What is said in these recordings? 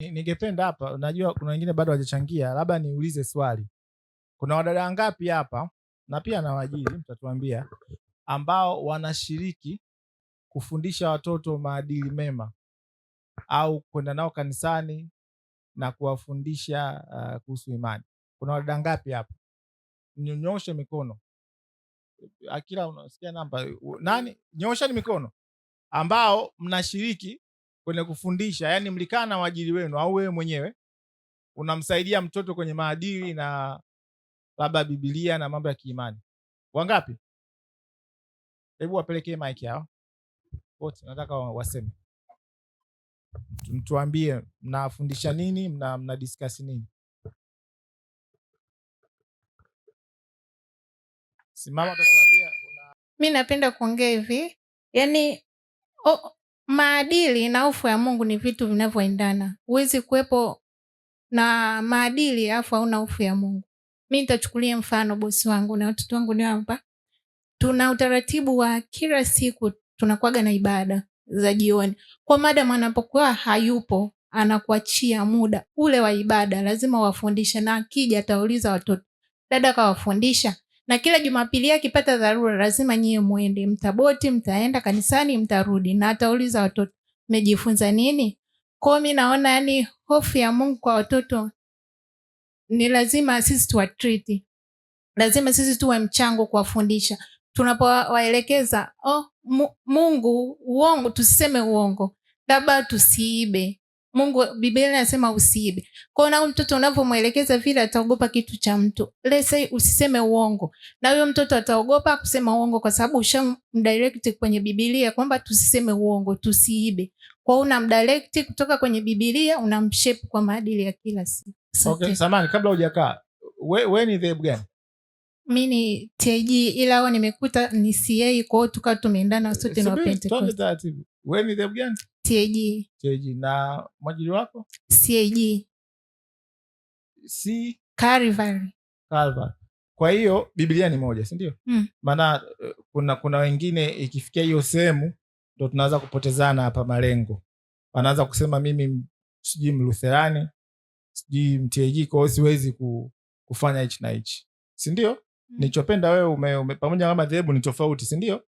Ningependa hapa, najua kuna wengine bado hawajachangia, labda niulize swali. Kuna wadada wangapi hapa, na pia wajili mtatuambia, ambao wanashiriki kufundisha watoto maadili mema au kwenda nao kanisani na kuwafundisha uh, kuhusu imani? Kuna wadada ngapi hapa? Nyoshe mikono. Akila, unasikia namba nani? Nyoosheni mikono ambao mnashiriki kwenye kufundisha, yani mlikaa na waajiri wenu au wewe mwenyewe unamsaidia mtoto kwenye maadili na labda bibilia na mambo ya kiimani, wangapi? Hebu wapelekee mik yao wote, nataka waseme, mtuambie mnafundisha nini, mna mna nini. Simama, mi napenda kuongea hivi, yani oh, Maadili na hofu ya Mungu ni vitu vinavyoendana. Huwezi kuwepo na maadili afu hauna hofu ya Mungu. Mi nitachukulia mfano bosi wangu na watoto wangu ni hapa, tuna utaratibu wa kila siku tunakuwaga na ibada za jioni, kwa madam anapokuwa hayupo anakuachia muda ule wa ibada, lazima wafundishe, na akija atauliza watoto, dada kawafundisha, na kila Jumapili akipata dharura lazima nyie muende, mtaboti, mtaenda kanisani, mtarudi, na atauliza watoto mmejifunza nini. Kwao mi naona yani hofu ya Mungu kwa watoto ni lazima sisi tuwatriti, lazima sisi tuwe mchango kuwafundisha tunapowaelekeza. Oh, Mungu uongo, tusiseme uongo, labda tusiibe, Mungu, Biblia inasema usiibe. Kwa hiyo na mtoto unavyomwelekeza vile, ataogopa kitu cha mtu. Let's say usiseme uongo, na huyo mtoto ataogopa kusema uongo, kwa sababu ushamdirect kwenye Biblia kwamba tusiseme uongo, tusiibe. Kwa hiyo unamdirect kutoka kwenye Biblia, unamshape kwa maadili ya kila siku. Okay, samani, kabla hujakaa we, we ni dhehebu gani? Mi ni TG ila ao nimekuta ni CA, kwao hiyo tumeendana sote na Wapentekoste. Wewe ni dhehebu gani? TAG. TAG. Na mwajiri wako? CAG. C Calvary. Calvary. Kwa hiyo Biblia ni moja, si ndio? Mm. Maana mm. kuna kuna wengine ikifikia hiyo sehemu ndo tunaanza kupotezana hapa malengo. Wanaanza kusema mimi sijui Mlutherani, sijui MTAG, kwa hiyo siwezi ku, kufanya hichi na hichi, si ndio? Mm. Nichopenda wewe ume, ume, pamoja kama dhehebu ni tofauti, si ndio?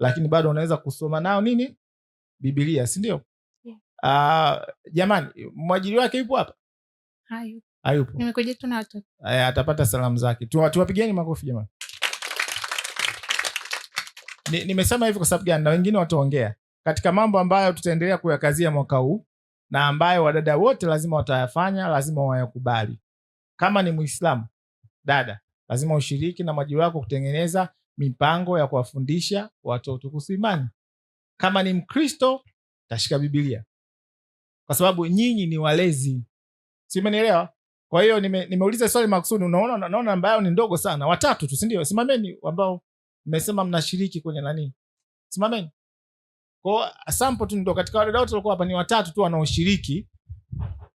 Lakini bado unaweza kusoma nao nini Bibilia, sindio yeah. uh, Jamani, mwajiri wake yupo hapa? Hayupo. Nimekuja atapata salamu zake. Tuwapigeni makofi jamani. Nimesema ni hivi kwa sababu gani? Na wengine wataongea katika mambo ambayo tutaendelea kuyakazia mwaka huu na ambayo wadada wote lazima watayafanya, lazima wayakubali. Kama ni mwislam dada, lazima ushiriki na mwajiri wako kutengeneza mipango ya kuwafundisha watoto kuhusu imani. Kama ni Mkristo tashika bibilia kwa sababu nyinyi ni walezi, simenielewa? Kwa hiyo nime, nimeuliza swali makusudi. Unaona, naona namba ni ndogo sana, watatu tu, sindio Simameni ambao mmesema mnashiriki kwenye nani, simameni kwa sample tu, ndo katika wadada wote walikuwa hapa ni watatu tu wanaoshiriki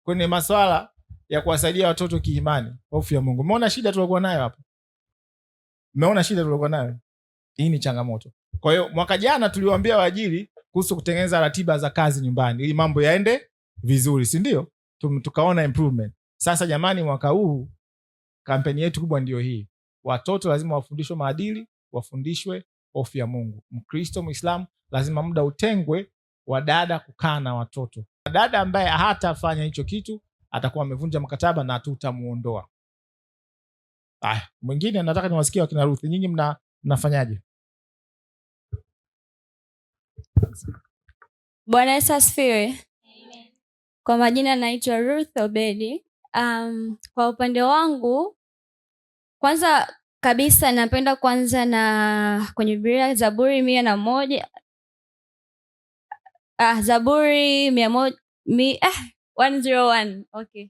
kwenye masuala ya kuwasaidia watoto kiimani, hofu ya Mungu. Umeona shida tulikuwa nayo hapa? Umeona shida tulikuwa nayo? Hii ni changamoto. Kwa hiyo mwaka jana tuliwaambia waajiri kuhusu kutengeneza ratiba za kazi nyumbani ili mambo yaende vizuri, si Tukaona improvement. Sasa jamani, mwaka huu kampeni yetu kubwa ndio hii. Watoto lazima wafundishwe maadili, wafundishwe hofu ya Mungu. Mkristo, Mwislamu, lazima muda utengwe wa dada kukaa na watoto. Dada ambaye hatafanya hicho kitu atakuwa amevunja mkataba na tutamuondoa. Aya, mwingine nataka niwasikia wakina Ruthi, nyinyi mna, mnafanyaje? Bwana Yesu asifiwe. Kwa majina naitwa Ruth Obedi. Um, kwa upande wangu kwanza kabisa napenda kwanza na kwenye Biblia Zaburi mia na moja ah, Zaburi mia moja mi, ah, eh, 101 okay,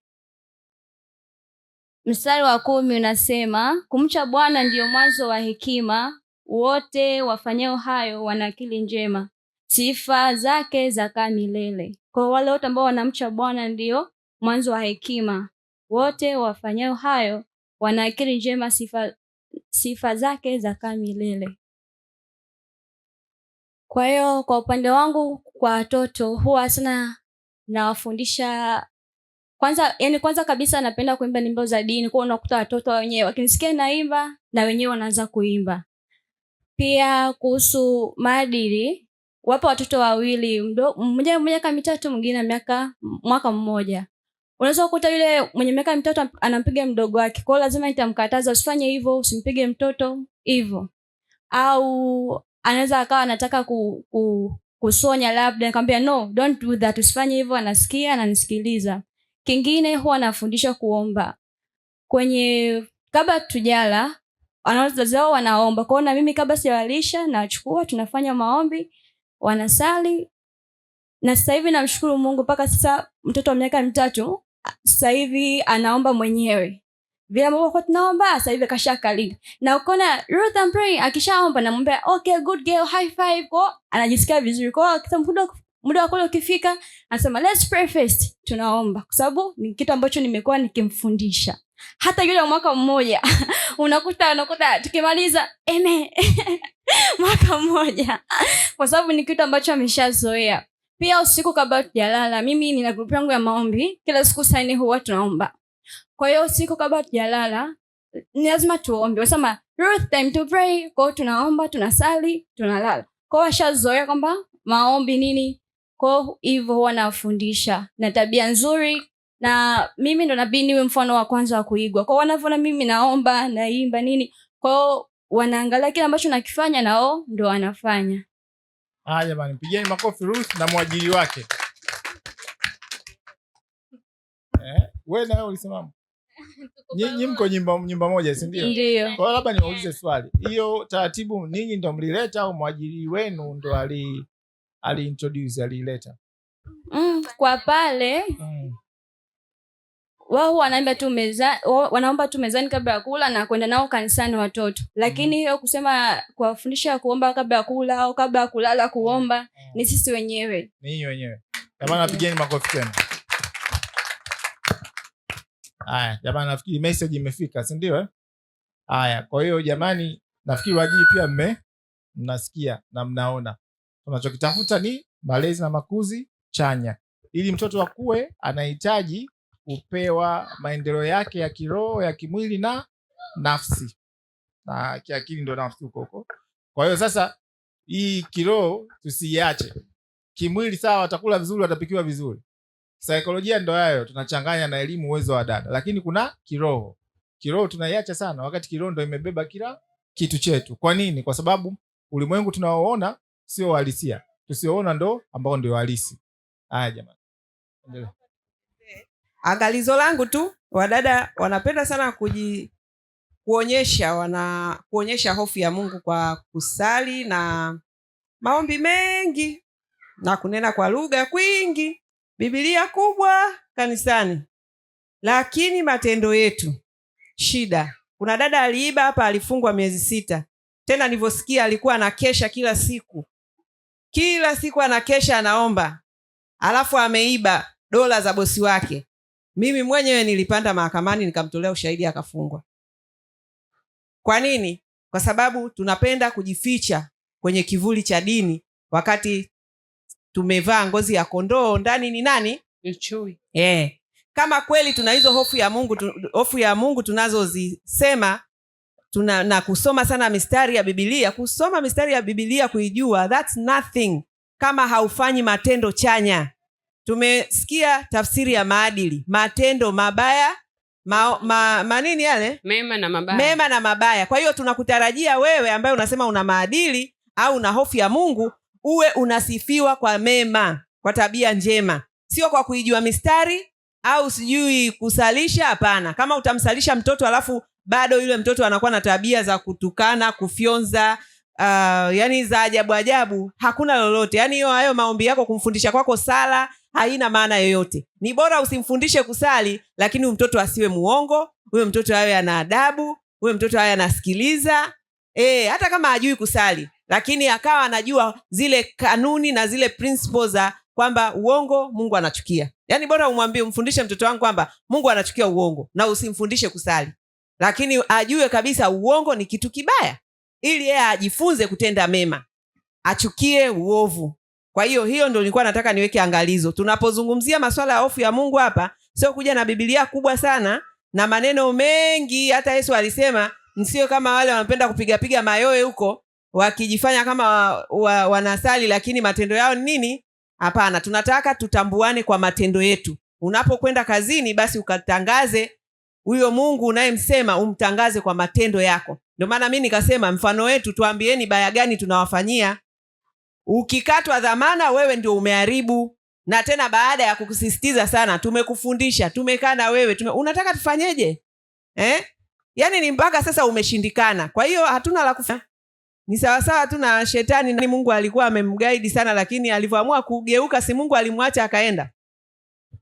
mstari wa kumi unasema kumcha Bwana ndiyo mwanzo wa hekima, wote wafanyao hayo wana akili njema sifa zake zakaa milele. Kwa wale wote ambao wanamcha Bwana ndio mwanzo wa hekima, wote wafanyayo hayo wana akili njema, sifa, sifa zake zakaa milele. Kwa hiyo kwa upande wangu, kwa watoto huwa sana nawafundisha kwanza, yani kwanza kabisa napenda kuimba nyimbo za dini. Kwa unakuta watoto wenyewe wakinisikia naimba na wenyewe wanaanza kuimba. Pia kuhusu maadili, wapo watoto wawili, mmoja miaka mitatu, mwingine miaka mwaka mmoja. Unaweza kukuta yule mwenye miaka mitatu anampiga mdogo wake, kwao lazima nitamkataza, usifanye hivyo, usimpige mtoto hivyo. Au anaweza akawa anataka ku, ku, kusonya labda, nikamwambia no, don't do that, usifanye hivyo. Anasikia, ananisikiliza. Kingine huwa anafundishwa kuomba kwenye kabla tujala, wazazi wanaomba kwao, na mimi kabla sijawalisha, nachukua tunafanya maombi wanasali na sasa hivi namshukuru Mungu mpaka sasa, mtoto wa miaka mitatu sasa hivi anaomba mwenyewe vile ambavyo kwa tunaomba sasa hivi kashakalia, na ukiona Ruth and Pray akishaomba namwambia okay, good girl, high five, kwa anajisikia vizuri. Kwa hiyo muda wa kule ukifika, anasema let's pray first, tunaomba, kwa sababu ni kitu ambacho nimekuwa nikimfundisha hata yule mwaka mmoja unakuta unakuta tukimaliza amen mwaka mmoja kwa sababu ni kitu ambacho ameshazoea. Pia usiku kabla tujalala, mimi nina grupu yangu ya maombi, kila siku saini huwa tunaomba. Kwa hiyo usiku kabla tujalala ni lazima tuombe, wasema Ruth, time to pray. Kwa tunaomba, tunasali, tunalala. kwao washazoea kwamba maombi nini, kwao hivyo huwa nawafundisha na tabia nzuri na mimi ndo nabii niwe mfano wa kwanza wa kuigwa kwao, wanavyona mimi naomba naimba nini kwao, wanaangalia kile ambacho nakifanya nao ndo wanafanya. Haya jamani pigeni makofi Ruth na mwajiri wake. Eh, wewe na ulisimama. Nyinyi mko nyumba nyumba moja, si ndio? Ndio. Kwa labda niwaulize swali. Hiyo taratibu ninyi ndo mlileta au mwajiri wenu ndo ali ali introduce alileta? Mm, kwa pale mm wao wanaomba tu meza, wanaomba tu mezani kabla ya kula na kwenda nao kanisani watoto. Lakini hiyo mm. kusema kuwafundisha kuomba kabla ya kula au kabla ya kulala kuomba mm. ni sisi wenyewe, ninyi wenyewe. Jamani, napigeni makofi tena. Haya jamani, nafikiri message imefika, si ndio eh? Haya, kwa hiyo jamani, nafikiri wajii pia mme mnasikia na mnaona tunachokitafuta ni malezi na makuzi chanya, ili mtoto akue anahitaji hupewa maendeleo yake ya kiroho, ya kimwili na nafsi, na kiakili ndo nafsi huko huko. Kwa hiyo sasa hii kiroho tusiiache. Kimwili sawa, watakula vizuri, watapikiwa vizuri. Saikolojia ndo hayo, tunachanganya na elimu, uwezo wa dada, lakini kuna kiroho. Kiroho tunaiacha sana, wakati kiroho ndo imebeba kila kitu chetu. Kwa nini? Kwa sababu ulimwengu tunaoona sio uhalisia, tusioona ndo ambao ndio halisi. Haya jamani, endelea. Angalizo langu tu, wadada wanapenda sana kuji kuonyesha wana kuonyesha hofu ya Mungu kwa kusali na maombi mengi na kunena kwa lugha kwingi, Biblia kubwa kanisani, lakini matendo yetu shida. Kuna dada aliiba hapa, alifungwa miezi sita. Tena nilivyosikia alikuwa anakesha kila siku, kila siku anakesha anaomba, alafu ameiba dola za bosi wake mimi mwenyewe nilipanda mahakamani nikamtolea ushahidi akafungwa. Kwa nini? Kwa sababu tunapenda kujificha kwenye kivuli cha dini wakati tumevaa ngozi ya kondoo, ndani ni nani? Chui. Eh. Kama kweli tuna hizo hofu ya Mungu tu, hofu ya Mungu tunazozisema tuna, na kusoma sana mistari ya Biblia, kusoma mistari ya Biblia kuijua, that's nothing kama haufanyi matendo chanya. Tumesikia tafsiri ya maadili, matendo mabaya ma, ma, manini yale mema na mabaya, mema na mabaya. Kwa hiyo tunakutarajia wewe ambaye unasema una maadili au una hofu ya Mungu uwe unasifiwa kwa mema, kwa tabia njema, sio kwa kuijua mistari au sijui kusalisha. Hapana, kama utamsalisha mtoto alafu bado yule mtoto anakuwa na tabia za kutukana, kufyonza uh, yani za ajabu ajabu, hakuna lolote. Yani hiyo hayo maombi yako, kumfundisha kwako sala haina maana yoyote. Ni bora usimfundishe kusali, lakini huyu mtoto asiwe muongo, huyo mtoto awe ana adabu, huyo mtoto awe anasikiliza e, hata kama ajui kusali, lakini akawa anajua zile kanuni na zile principles za kwamba uongo Mungu anachukia. Yaani bora umwambie, umfundishe mtoto wangu kwamba Mungu anachukia uongo, na usimfundishe kusali, lakini ajue kabisa uongo ni kitu kibaya, ili yeye ajifunze kutenda mema, achukie uovu. Kwa hiyo hiyo ndo nilikuwa nataka niweke angalizo. Tunapozungumzia maswala ya hofu ya Mungu hapa, sio kuja na bibilia kubwa sana na maneno mengi. Hata Yesu alisema msio kama wale wanapenda kupigapiga mayoe huko wakijifanya kama wa, wa, wanasali lakini matendo yao ni nini? Hapana, tunataka tutambuane kwa matendo yetu. Unapokwenda kazini, basi ukatangaze huyo Mungu unayemsema umtangaze kwa matendo yako. Ndio maana mi nikasema mfano wetu, tuambieni baya gani tunawafanyia ukikatwa dhamana wewe ndio umeharibu na tena baada ya kukusisitiza sana tumekufundisha tumekaa na wewe tume... unataka tufanyeje eh? yaani ni mpaka sasa umeshindikana kwa hiyo hatuna la kufanya ni sawasawa tu na shetani ni mungu alikuwa amemgaidi sana lakini alivyoamua kugeuka si mungu alimwacha akaenda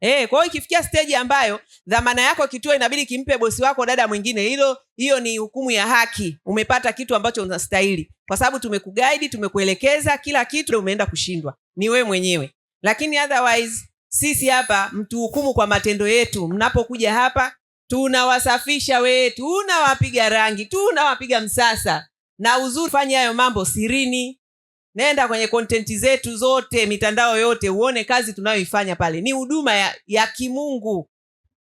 Eh, kwa hiyo ikifikia steji ambayo dhamana yako kituo inabidi kimpe bosi wako dada mwingine, hilo hiyo ni hukumu ya haki. Umepata kitu ambacho unastahili, kwa sababu tumekuguide, tumekuelekeza kila kitu, umeenda kushindwa ni wewe mwenyewe. Lakini otherwise sisi hapa mtuhukumu kwa matendo yetu. Mnapokuja hapa tunawasafisha wewe, tunawapiga rangi, tunawapiga msasa, na uzuri fanya hayo mambo sirini nenda kwenye kontenti zetu zote, mitandao yote, uone kazi tunayoifanya pale. Ni huduma ya, ya kimungu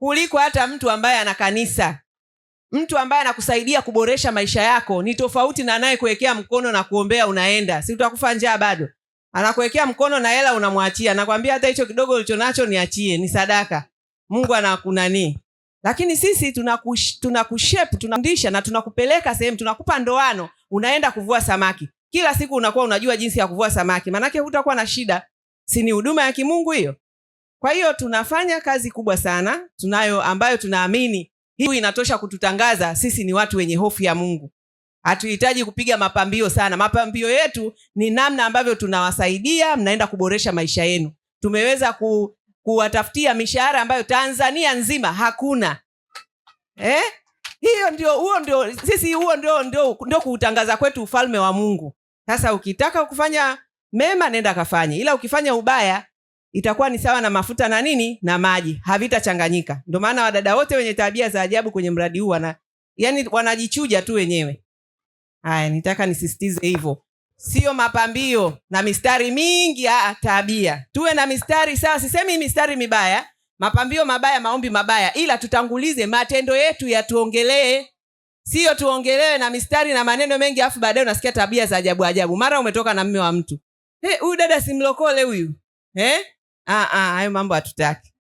kuliko hata mtu ambaye ana kanisa. Mtu ambaye anakusaidia kuboresha maisha yako ni tofauti na anayekuwekea mkono na kuombea, unaenda si utakufa njaa bado, anakuwekea mkono na hela unamwachia, nakwambia hata hicho kidogo ulichonacho niachie, ni sadaka. Mungu anakunani lakini sisi tunakushep tunakufundisha na tunakupeleka sehemu, tunakupa ndoano, unaenda kuvua samaki kila siku unakuwa unajua jinsi ya kuvua samaki, manake hutakuwa na shida. Si ni huduma ya kimungu hiyo? Kwa hiyo tunafanya kazi kubwa sana tunayo, ambayo tunaamini hii inatosha kututangaza sisi ni watu wenye hofu ya Mungu. Hatuhitaji kupiga mapambio sana. Mapambio yetu ni namna ambavyo tunawasaidia mnaenda kuboresha maisha yenu. Tumeweza ku, kuwatafutia mishahara ambayo Tanzania nzima hakuna eh? Hiyo ndio, huo ndio sisi, huo ndio, ndio, ndio kuutangaza kwetu ufalme wa Mungu. Sasa ukitaka kufanya mema, nenda kafanye, ila ukifanya ubaya itakuwa ni sawa na mafuta na nini na maji, havitachanganyika. Ndio maana wadada wote wenye tabia za ajabu kwenye mradi huu wana yani, wanajichuja tu wenyewe. Haya, nitaka nisisitize hivyo, sio mapambio na mistari mingi. ya tabia tuwe na mistari sawa, sisemi mistari mibaya, mapambio mabaya, maombi mabaya, ila tutangulize matendo yetu yatuongelee Sio tuongelewe na mistari na maneno mengi, afu baadaye unasikia tabia za ajabu ajabu. Mara umetoka na mme wa mtu, eh, huyu hey, dada simlokole huyu eh? Ah, ah, hayo mambo hatutaki.